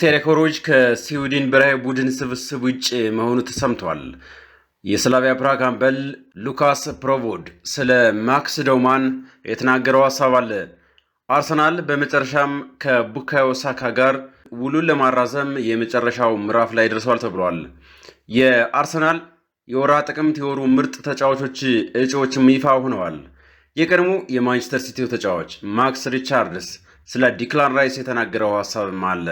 ቪክቶሪያ ኮሮጅ ከስዊድን ብሔራዊ ቡድን ስብስብ ውጭ መሆኑ ተሰምቷል። የስላቪያ ፕራግ አምበል ሉካስ ፕሮቮድ ስለ ማክስ ዶማን የተናገረው ሀሳብ አለ። አርሰናል በመጨረሻም ከቡካዮ ሳካ ጋር ውሉን ለማራዘም የመጨረሻው ምዕራፍ ላይ ደርሷል ተብሏል። የአርሰናል የወራ ጥቅምት የወሩ ምርጥ ተጫዋቾች እጩዎችም ይፋ ሆነዋል። የቀድሞ የማንቸስተር ሲቲው ተጫዋች ማክስ ሪቻርድስ ስለ ዲክላን ራይስ የተናገረው ሀሳብም አለ።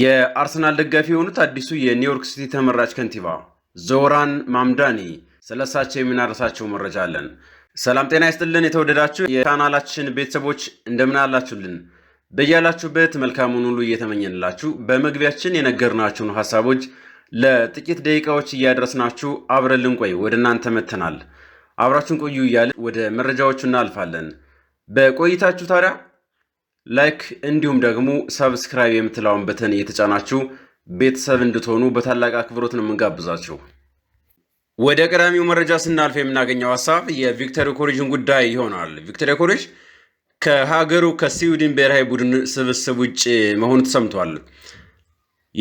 የአርሰናል ደጋፊ የሆኑት አዲሱ የኒውዮርክ ሲቲ ተመራጭ ከንቲባ ዞራን ማምዳኒ ስለሳቸው የምናደርሳቸው መረጃ አለን። ሰላም ጤና ይስጥልን። የተወደዳችሁ የቻናላችን ቤተሰቦች እንደምን አላችሁልን? በያላችሁበት መልካሙን ሁሉ እየተመኘንላችሁ በመግቢያችን የነገርናችሁን ሀሳቦች ለጥቂት ደቂቃዎች እያደረስናችሁ አብረን ልንቆይ ወደ እናንተ መጥተናል። አብራችሁን ቆዩ እያልን ወደ መረጃዎቹ እናልፋለን። በቆይታችሁ ታዲያ ላይክ እንዲሁም ደግሞ ሰብስክራይብ የምትለውን በተን እየተጫናችሁ ቤተሰብ እንድትሆኑ በታላቅ አክብሮት ነው የምንጋብዛችሁ። ወደ ቀዳሚው መረጃ ስናልፍ የምናገኘው ሀሳብ የቪክቶሪ ዮኬሬዥን ጉዳይ ይሆናል። ቪክቶሪ ዮኬሬዥ ከሀገሩ ከስዊድን ብሔራዊ ቡድን ስብስብ ውጭ መሆኑ ተሰምቷል።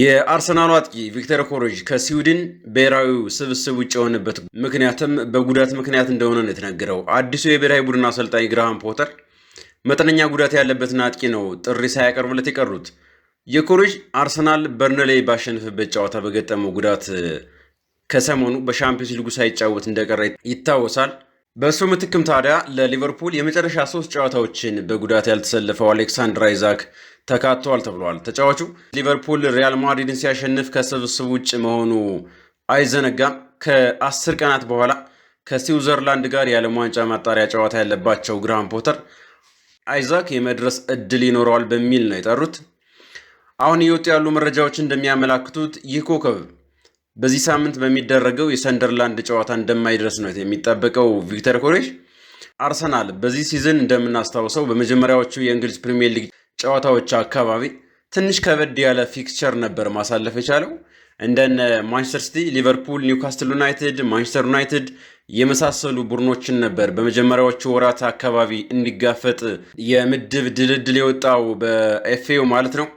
የአርሰናሉ አጥቂ ቪክቶሪ ዮኬሬዥ ከስዊድን ብሔራዊ ስብስብ ውጭ የሆነበት ምክንያትም በጉዳት ምክንያት እንደሆነ ነው የተነገረው። አዲሱ የብሔራዊ ቡድን አሰልጣኝ ግራሃም ፖተር መጠነኛ ጉዳት ያለበትን አጥቂ ነው ጥሪ ሳያቀርቡለት የቀሩት። የኮሪጅ አርሰናል በርንሌይ ባሸንፍበት ጨዋታ በገጠመው ጉዳት ከሰሞኑ በሻምፒዮንስ ሊጉ ሳይጫወት እንደቀረ ይታወሳል። በእሱ ምትክም ታዲያ ለሊቨርፑል የመጨረሻ ሶስት ጨዋታዎችን በጉዳት ያልተሰለፈው አሌክሳንድር አይዛክ ተካቷል ተብሏል። ተጫዋቹ ሊቨርፑል ሪያል ማድሪድን ሲያሸንፍ ከስብስብ ውጭ መሆኑ አይዘነጋም። ከአስር ቀናት በኋላ ከስዊዘርላንድ ጋር የዓለም ዋንጫ ማጣሪያ ጨዋታ ያለባቸው ግራሃም ፖተር አይዛክ የመድረስ እድል ይኖረዋል በሚል ነው የጠሩት። አሁን እየወጡ ያሉ መረጃዎች እንደሚያመላክቱት ይህ ኮከብ በዚህ ሳምንት በሚደረገው የሰንደርላንድ ጨዋታ እንደማይደርስ ነው የሚጠበቀው። ቪክተር ኮሬሽ አርሰናል በዚህ ሲዝን እንደምናስታውሰው በመጀመሪያዎቹ የእንግሊዝ ፕሪምየር ሊግ ጨዋታዎች አካባቢ ትንሽ ከበድ ያለ ፊክቸር ነበር ማሳለፍ የቻለው። እንደነ ማንቸስተር ሲቲ፣ ሊቨርፑል፣ ኒውካስትል ዩናይትድ፣ ማንቸስተር ዩናይትድ፣ የመሳሰሉ ቡድኖችን ነበር በመጀመሪያዎቹ ወራት አካባቢ እንዲጋፈጥ የምድብ ድልድል የወጣው በኤፍኤው ማለት ነው።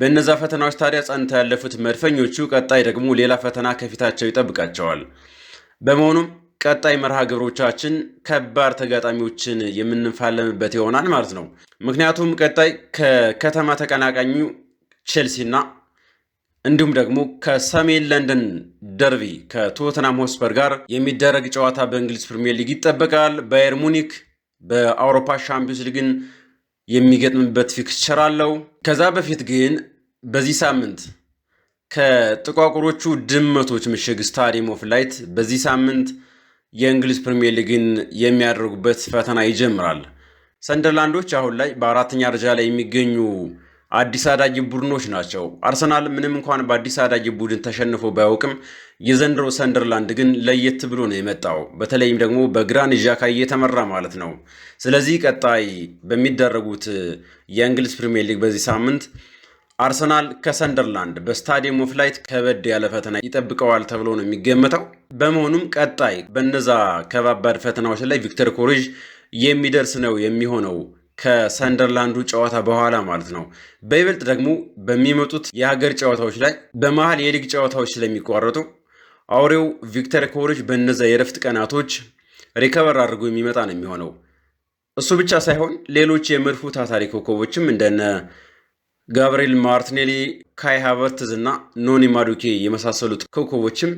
በእነዛ ፈተናዎች ታዲያ ጸንተው ያለፉት መድፈኞቹ ቀጣይ ደግሞ ሌላ ፈተና ከፊታቸው ይጠብቃቸዋል። በመሆኑም ቀጣይ መርሃ ግብሮቻችን ከባድ ተጋጣሚዎችን የምንፋለምበት ይሆናል ማለት ነው። ምክንያቱም ቀጣይ ከከተማ ተቀናቃኙ ቼልሲና እንዲሁም ደግሞ ከሰሜን ለንደን ደርቢ ከቶተናም ሆስፐር ጋር የሚደረግ ጨዋታ በእንግሊዝ ፕሪምየር ሊግ ይጠበቃል። ባየር ሙኒክ በአውሮፓ ሻምፒዮንስ ሊግን የሚገጥምበት ፊክስቸር አለው። ከዛ በፊት ግን በዚህ ሳምንት ከጥቋቁሮቹ ድመቶች ምሽግ ስታዲየም ኦፍ ላይት በዚህ ሳምንት የእንግሊዝ ፕሪምየር ሊግን የሚያደርጉበት ፈተና ይጀምራል። ሰንደርላንዶች አሁን ላይ በአራተኛ ደረጃ ላይ የሚገኙ አዲስ አዳጊ ቡድኖች ናቸው። አርሰናል ምንም እንኳን በአዲስ አዳጊ ቡድን ተሸንፎ ባያውቅም የዘንድሮ ሰንደርላንድ ግን ለየት ብሎ ነው የመጣው። በተለይም ደግሞ በግራን ዣካ እየተመራ ማለት ነው። ስለዚህ ቀጣይ በሚደረጉት የእንግሊዝ ፕሪምየር ሊግ በዚህ ሳምንት አርሰናል ከሰንደርላንድ በስታዲየም ኦፍ ላይት ከበድ ያለ ፈተና ይጠብቀዋል ተብሎ ነው የሚገመተው። በመሆኑም ቀጣይ በነዛ ከባባድ ፈተናዎች ላይ ቪክተር ኮሬጅ የሚደርስ ነው የሚሆነው ከሰንደርላንዱ ጨዋታ በኋላ ማለት ነው። በይበልጥ ደግሞ በሚመጡት የሀገር ጨዋታዎች ላይ በመሀል የሊግ ጨዋታዎች ስለሚቋረጡ አውሬው ቪክተር ኮሪጅ በነዛ የረፍት ቀናቶች ሪከቨር አድርጎ የሚመጣ ነው የሚሆነው። እሱ ብቻ ሳይሆን ሌሎች የመድፉ ታታሪ ኮከቦችም እንደነ ጋብርኤል ማርቲኔሊ፣ ካይ ሃቨርትዝ እና ኖኒ ማዱኬ የመሳሰሉት ኮከቦችም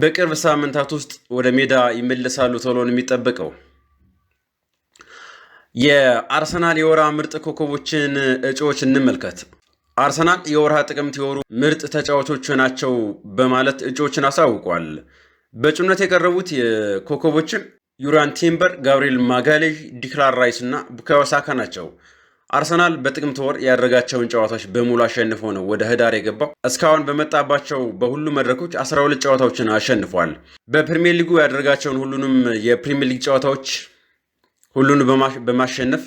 በቅርብ ሳምንታት ውስጥ ወደ ሜዳ ይመለሳሉ ተብሎ ነው የሚጠበቀው። የአርሰናል የወርሃ ምርጥ ኮከቦችን እጩዎች እንመልከት። አርሰናል የወርሃ ጥቅምት የወሩ ምርጥ ተጫዋቾች ናቸው በማለት እጩዎችን አሳውቋል። በእጩነት የቀረቡት ኮከቦችን ዩራን ቲምበር፣ ጋብሪኤል ማጋሌዥ፣ ዲክላር ራይስ እና ቡካዮ ሳካ ናቸው። አርሰናል በጥቅምት ወር ያደረጋቸውን ጨዋታዎች በሙሉ አሸንፎ ነው ወደ ህዳር የገባው። እስካሁን በመጣባቸው በሁሉ መድረኮች 12 ጨዋታዎችን አሸንፏል። በፕሪሚየር ሊጉ ያደረጋቸውን ሁሉንም የፕሪሚየር ሊግ ጨዋታዎች ሁሉን በማሸነፍ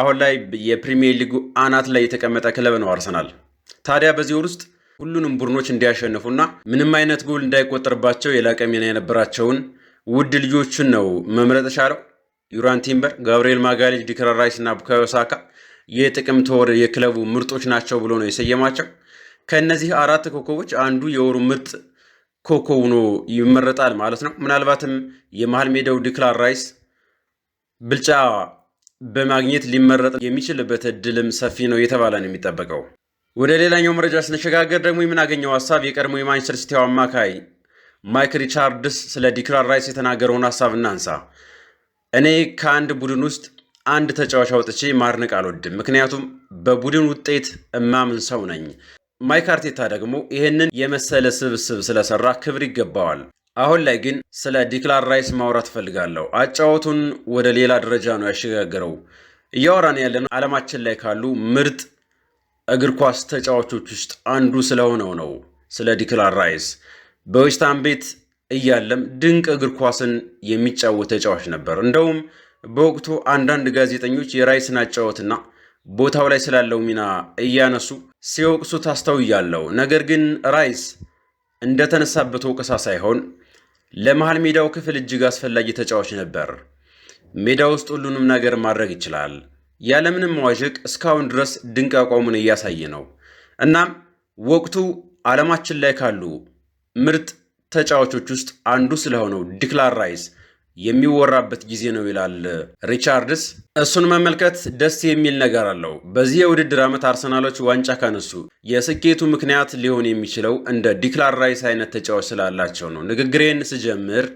አሁን ላይ የፕሪሚየር ሊጉ አናት ላይ የተቀመጠ ክለብ ነው አርሰናል። ታዲያ በዚህ ወር ውስጥ ሁሉንም ቡድኖች እንዲያሸንፉና ምንም አይነት ጎል እንዳይቆጠርባቸው የላቀ ሚና የነበራቸውን ውድ ልጆችን ነው መምረጥ ቻለው። ዩራን ቲምበር፣ ጋብርኤል ማጋሌጅ፣ ዲክላ ራይስ እና ቡካዮ ሳካ የጥቅምት ወር የክለቡ ምርጦች ናቸው ብሎ ነው የሰየማቸው። ከእነዚህ አራት ኮከቦች አንዱ የወሩ ምርጥ ኮከብ ሆኖ ይመረጣል ማለት ነው። ምናልባትም የመሃል ሜዳው ዲክላ ራይስ ብልጫ በማግኘት ሊመረጥ የሚችልበት እድልም ሰፊ ነው የተባለ ነው የሚጠበቀው። ወደ ሌላኛው መረጃ ስንሸጋገር ደግሞ የምናገኘው ሀሳብ የቀድሞ የማንቸስተር ሲቲው አማካይ ማይክ ሪቻርድስ ስለ ዲክላን ራይስ የተናገረውን ሀሳብ እናንሳ። እኔ ከአንድ ቡድን ውስጥ አንድ ተጫዋች አውጥቼ ማድነቅ አልወድም፣ ምክንያቱም በቡድን ውጤት እማምን ሰው ነኝ። ማይክ አርቴታ ደግሞ ይህንን የመሰለ ስብስብ ስለሰራ ክብር ይገባዋል። አሁን ላይ ግን ስለ ዲክላን ራይስ ማውራት እፈልጋለሁ። አጫወቱን ወደ ሌላ ደረጃ ነው ያሸጋገረው። እያወራን ያለነው ዓለማችን ላይ ካሉ ምርጥ እግር ኳስ ተጫዋቾች ውስጥ አንዱ ስለሆነው ነው። ስለ ዲክላን ራይስ በዌስትሃም ቤት እያለም ድንቅ እግር ኳስን የሚጫወት ተጫዋች ነበር። እንደውም በወቅቱ አንዳንድ ጋዜጠኞች የራይስን አጫወትና ቦታው ላይ ስላለው ሚና እያነሱ ሲወቅሱ ታስተውያለው። ነገር ግን ራይስ እንደተነሳበት ወቀሳ ሳይሆን ለመሃል ሜዳው ክፍል እጅግ አስፈላጊ ተጫዋች ነበር። ሜዳ ውስጥ ሁሉንም ነገር ማድረግ ይችላል። ያለምንም መዋዠቅ እስካሁን ድረስ ድንቅ አቋሙን እያሳየ ነው። እናም ወቅቱ ዓለማችን ላይ ካሉ ምርጥ ተጫዋቾች ውስጥ አንዱ ስለሆነው ዲክላን ራይስ የሚወራበት ጊዜ ነው ይላል ሪቻርድስ። እሱን መመልከት ደስ የሚል ነገር አለው። በዚህ የውድድር ዓመት አርሰናሎች ዋንጫ ካነሱ የስኬቱ ምክንያት ሊሆን የሚችለው እንደ ዲክላር ራይስ አይነት ተጫዋች ስላላቸው ነው። ንግግሬን ስጀምር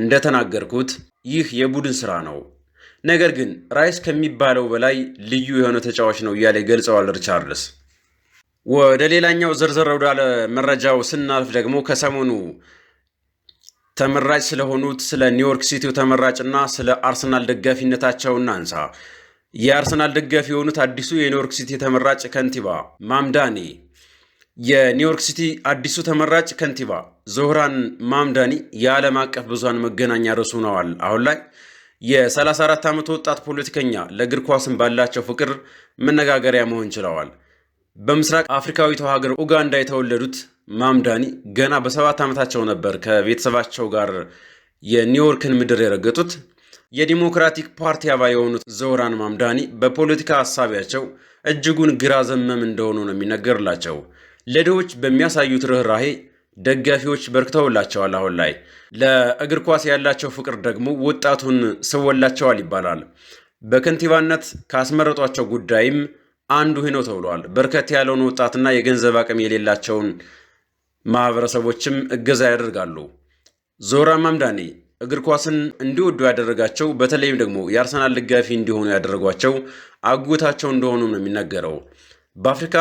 እንደተናገርኩት ይህ የቡድን ስራ ነው፣ ነገር ግን ራይስ ከሚባለው በላይ ልዩ የሆነ ተጫዋች ነው እያለ ይገልጸዋል ሪቻርድስ። ወደ ሌላኛው ዝርዝር ወዳለ መረጃው ስናልፍ ደግሞ ከሰሞኑ ተመራጭ ስለሆኑት ስለ ኒውዮርክ ሲቲው ተመራጭና ስለ አርሰናል ደጋፊነታቸው እናንሳ። የአርሰናል ደጋፊ የሆኑት አዲሱ የኒውዮርክ ሲቲ ተመራጭ ከንቲባ ማምዳኒ የኒውዮርክ ሲቲ አዲሱ ተመራጭ ከንቲባ ዞህራን ማምዳኒ የዓለም አቀፍ ብዙሃን መገናኛ ርዕስ ሆነዋል። አሁን ላይ የ34 ዓመት ወጣት ፖለቲከኛ ለእግር ኳስን ባላቸው ፍቅር መነጋገሪያ መሆን ችለዋል። በምስራቅ አፍሪካዊቷ ሀገር ኡጋንዳ የተወለዱት ማምዳኒ ገና በሰባት ዓመታቸው ነበር ከቤተሰባቸው ጋር የኒውዮርክን ምድር የረገጡት። የዲሞክራቲክ ፓርቲ አባ የሆኑት ዘውራን ማምዳኒ በፖለቲካ ሀሳቢያቸው እጅጉን ግራ ዘመም እንደሆኑ ነው የሚነገርላቸው። ለድሆች በሚያሳዩት ርኅራሄ ደጋፊዎች በርክተውላቸዋል። አሁን ላይ ለእግር ኳስ ያላቸው ፍቅር ደግሞ ወጣቱን ስወላቸዋል ይባላል። በከንቲባነት ካስመረጧቸው ጉዳይም አንዱ ይህ ነው ተብሏል። በርከት ያለውን ወጣትና የገንዘብ አቅም የሌላቸውን ማህበረሰቦችም እገዛ ያደርጋሉ። ዞራ ማምዳኒ እግር ኳስን እንዲወዱ ያደረጋቸው በተለይም ደግሞ የአርሰናል ደጋፊ እንዲሆኑ ያደረጓቸው አጎታቸው እንደሆኑ ነው የሚነገረው። በአፍሪካ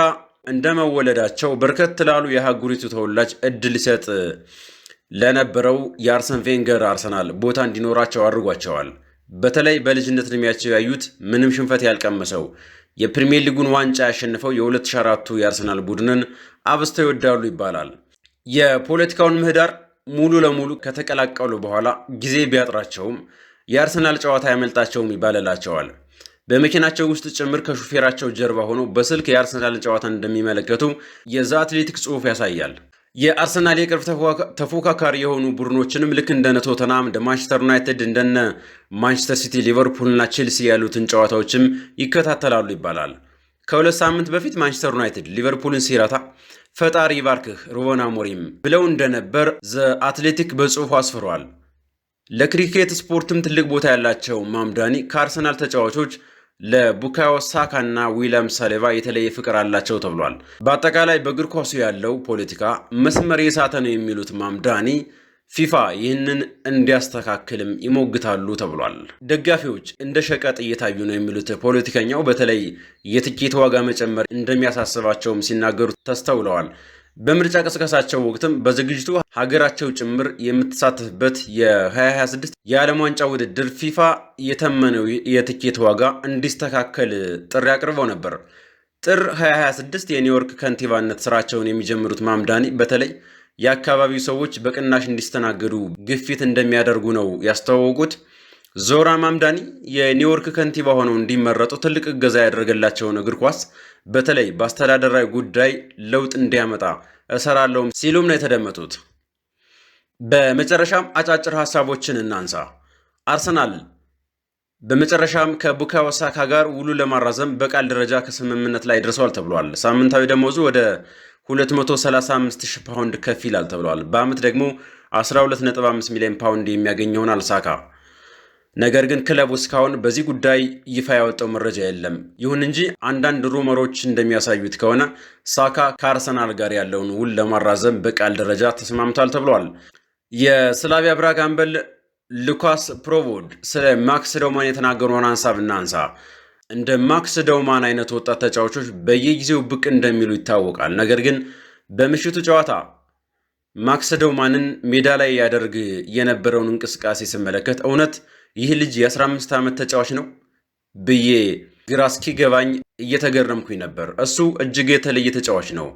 እንደመወለዳቸው በርከት ላሉ የሀጉሪቱ ተወላጅ እድል ሊሰጥ ለነበረው የአርሰን ቬንገር አርሰናል ቦታ እንዲኖራቸው አድርጓቸዋል። በተለይ በልጅነት ዕድሜያቸው ያዩት ምንም ሽንፈት ያልቀመሰው የፕሪሚየር ሊጉን ዋንጫ ያሸንፈው የ2004ቱ የአርሰናል ቡድንን አብዝተው ይወዳሉ ይባላል። የፖለቲካውን ምህዳር ሙሉ ለሙሉ ከተቀላቀሉ በኋላ ጊዜ ቢያጥራቸውም የአርሰናል ጨዋታ ያመልጣቸውም ይባልላቸዋል። በመኪናቸው ውስጥ ጭምር ከሹፌራቸው ጀርባ ሆነው በስልክ የአርሰናልን ጨዋታ እንደሚመለከቱ የዛ አትሌቲክ ጽሑፍ ያሳያል። የአርሰናል የቅርብ ተፎካካሪ የሆኑ ቡድኖችንም ልክ እንደነ ቶተናም፣ እንደ ማንቸስተር ዩናይትድ፣ እንደነ ማንቸስተር ሲቲ፣ ሊቨርፑልና ቼልሲ ያሉትን ጨዋታዎችም ይከታተላሉ ይባላል። ከሁለት ሳምንት በፊት ማንቸስተር ዩናይትድ ሊቨርፑልን ሲረታ ፈጣሪ ባርክህ ሩበን አሞሪም ብለው እንደነበር ዘ አትሌቲክ በጽሑፉ አስፍሯል። ለክሪኬት ስፖርትም ትልቅ ቦታ ያላቸው ማምዳኒ ከአርሰናል ተጫዋቾች ለቡካዮ ሳካ እና ዊሊያም ሳሌባ የተለየ ፍቅር አላቸው ተብሏል። በአጠቃላይ በእግር ኳሱ ያለው ፖለቲካ መስመር የሳተ ነው የሚሉት ማምዳኒ ፊፋ ይህንን እንዲያስተካክልም ይሞግታሉ ተብሏል። ደጋፊዎች እንደ ሸቀጥ እየታዩ ነው የሚሉት ፖለቲከኛው በተለይ የትኬት ዋጋ መጨመር እንደሚያሳስባቸውም ሲናገሩ ተስተውለዋል። በምርጫ ቅስቀሳቸው ወቅትም በዝግጅቱ ሀገራቸው ጭምር የምትሳተፍበት የ2026 የዓለም ዋንጫ ውድድር ፊፋ የተመነው የትኬት ዋጋ እንዲስተካከል ጥሪ አቅርበው ነበር። ጥር 2026 የኒውዮርክ ከንቲባነት ስራቸውን የሚጀምሩት ማምዳኒ በተለይ የአካባቢው ሰዎች በቅናሽ እንዲስተናገዱ ግፊት እንደሚያደርጉ ነው ያስተዋወቁት። ዞራ ማምዳኒ የኒውዮርክ ከንቲባ ሆነው እንዲመረጡ ትልቅ እገዛ ያደረገላቸውን እግር ኳስ በተለይ በአስተዳደራዊ ጉዳይ ለውጥ እንዲያመጣ እሰራለውም ሲሉም ነው የተደመጡት። በመጨረሻም አጫጭር ሀሳቦችን እናንሳ። አርሰናል በመጨረሻም ከቡካዮ ሳካ ጋር ውሉ ለማራዘም በቃል ደረጃ ከስምምነት ላይ ደርሰዋል ተብሏል። ሳምንታዊ ደሞዙ ወደ 235,000 ፓውንድ ከፍ ይላል ተብሏል። በአመት ደግሞ 12.5 ሚሊዮን ፓውንድ የሚያገኝ ይሆናል ሳካ። ነገር ግን ክለቡ እስካሁን በዚህ ጉዳይ ይፋ ያወጣው መረጃ የለም። ይሁን እንጂ አንዳንድ ሩመሮች እንደሚያሳዩት ከሆነ ሳካ ከአርሰናል ጋር ያለውን ውል ለማራዘም በቃል ደረጃ ተስማምቷል ተብሏል። የስላቪያ ብራግ አምበል ሉካስ ፕሮቮድ ስለ ማክስ ዶማን የተናገሩን ሀሳብ እናንሳ። እንደ ማክስ ደውማን አይነት ወጣት ተጫዋቾች በየጊዜው ብቅ እንደሚሉ ይታወቃል። ነገር ግን በምሽቱ ጨዋታ ማክስ ደውማንን ሜዳ ላይ ያደርግ የነበረውን እንቅስቃሴ ስመለከት እውነት ይህ ልጅ የ15 ዓመት ተጫዋች ነው ብዬ ግራ እስኪገባኝ እየተገረምኩኝ ነበር። እሱ እጅግ የተለየ ተጫዋች ነው።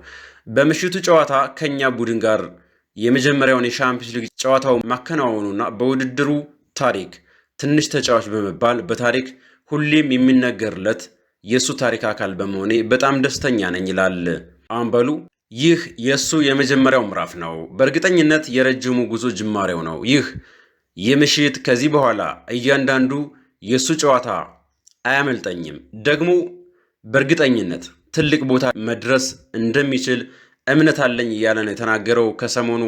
በምሽቱ ጨዋታ ከኛ ቡድን ጋር የመጀመሪያውን የሻምፒዮንስ ሊግ ጨዋታው ማከናወኑና በውድድሩ ታሪክ ትንሽ ተጫዋች በመባል በታሪክ ሁሌም የሚነገርለት የእሱ ታሪክ አካል በመሆኔ በጣም ደስተኛ ነኝ ይላል አምበሉ። ይህ የእሱ የመጀመሪያው ምዕራፍ ነው። በእርግጠኝነት የረጅሙ ጉዞ ጅማሬው ነው። ይህ የምሽት ከዚህ በኋላ እያንዳንዱ የእሱ ጨዋታ አያመልጠኝም። ደግሞ በእርግጠኝነት ትልቅ ቦታ መድረስ እንደሚችል እምነት አለኝ እያለ ነው የተናገረው ከሰሞኑ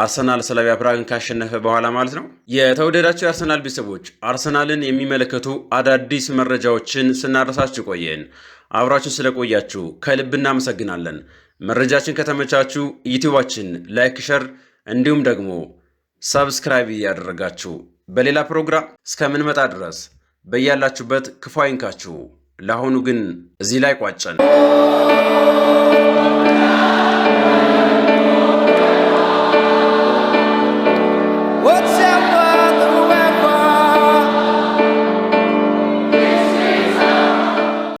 አርሰናል ስላቪያ ፕራግን ካሸነፈ በኋላ ማለት ነው። የተወደዳቸው የአርሰናል ቤተሰቦች አርሰናልን የሚመለከቱ አዳዲስ መረጃዎችን ስናደርሳችሁ ቆየን። አብራችሁ ስለቆያችሁ ከልብ እናመሰግናለን። መረጃችን ከተመቻችሁ ዩቲዩባችን ላይክ፣ ሸር እንዲሁም ደግሞ ሰብስክራይብ እያደረጋችሁ በሌላ ፕሮግራም እስከምንመጣ ድረስ በያላችሁበት ክፉ አይንካችሁ። ለአሁኑ ግን እዚህ ላይ ቋጨን።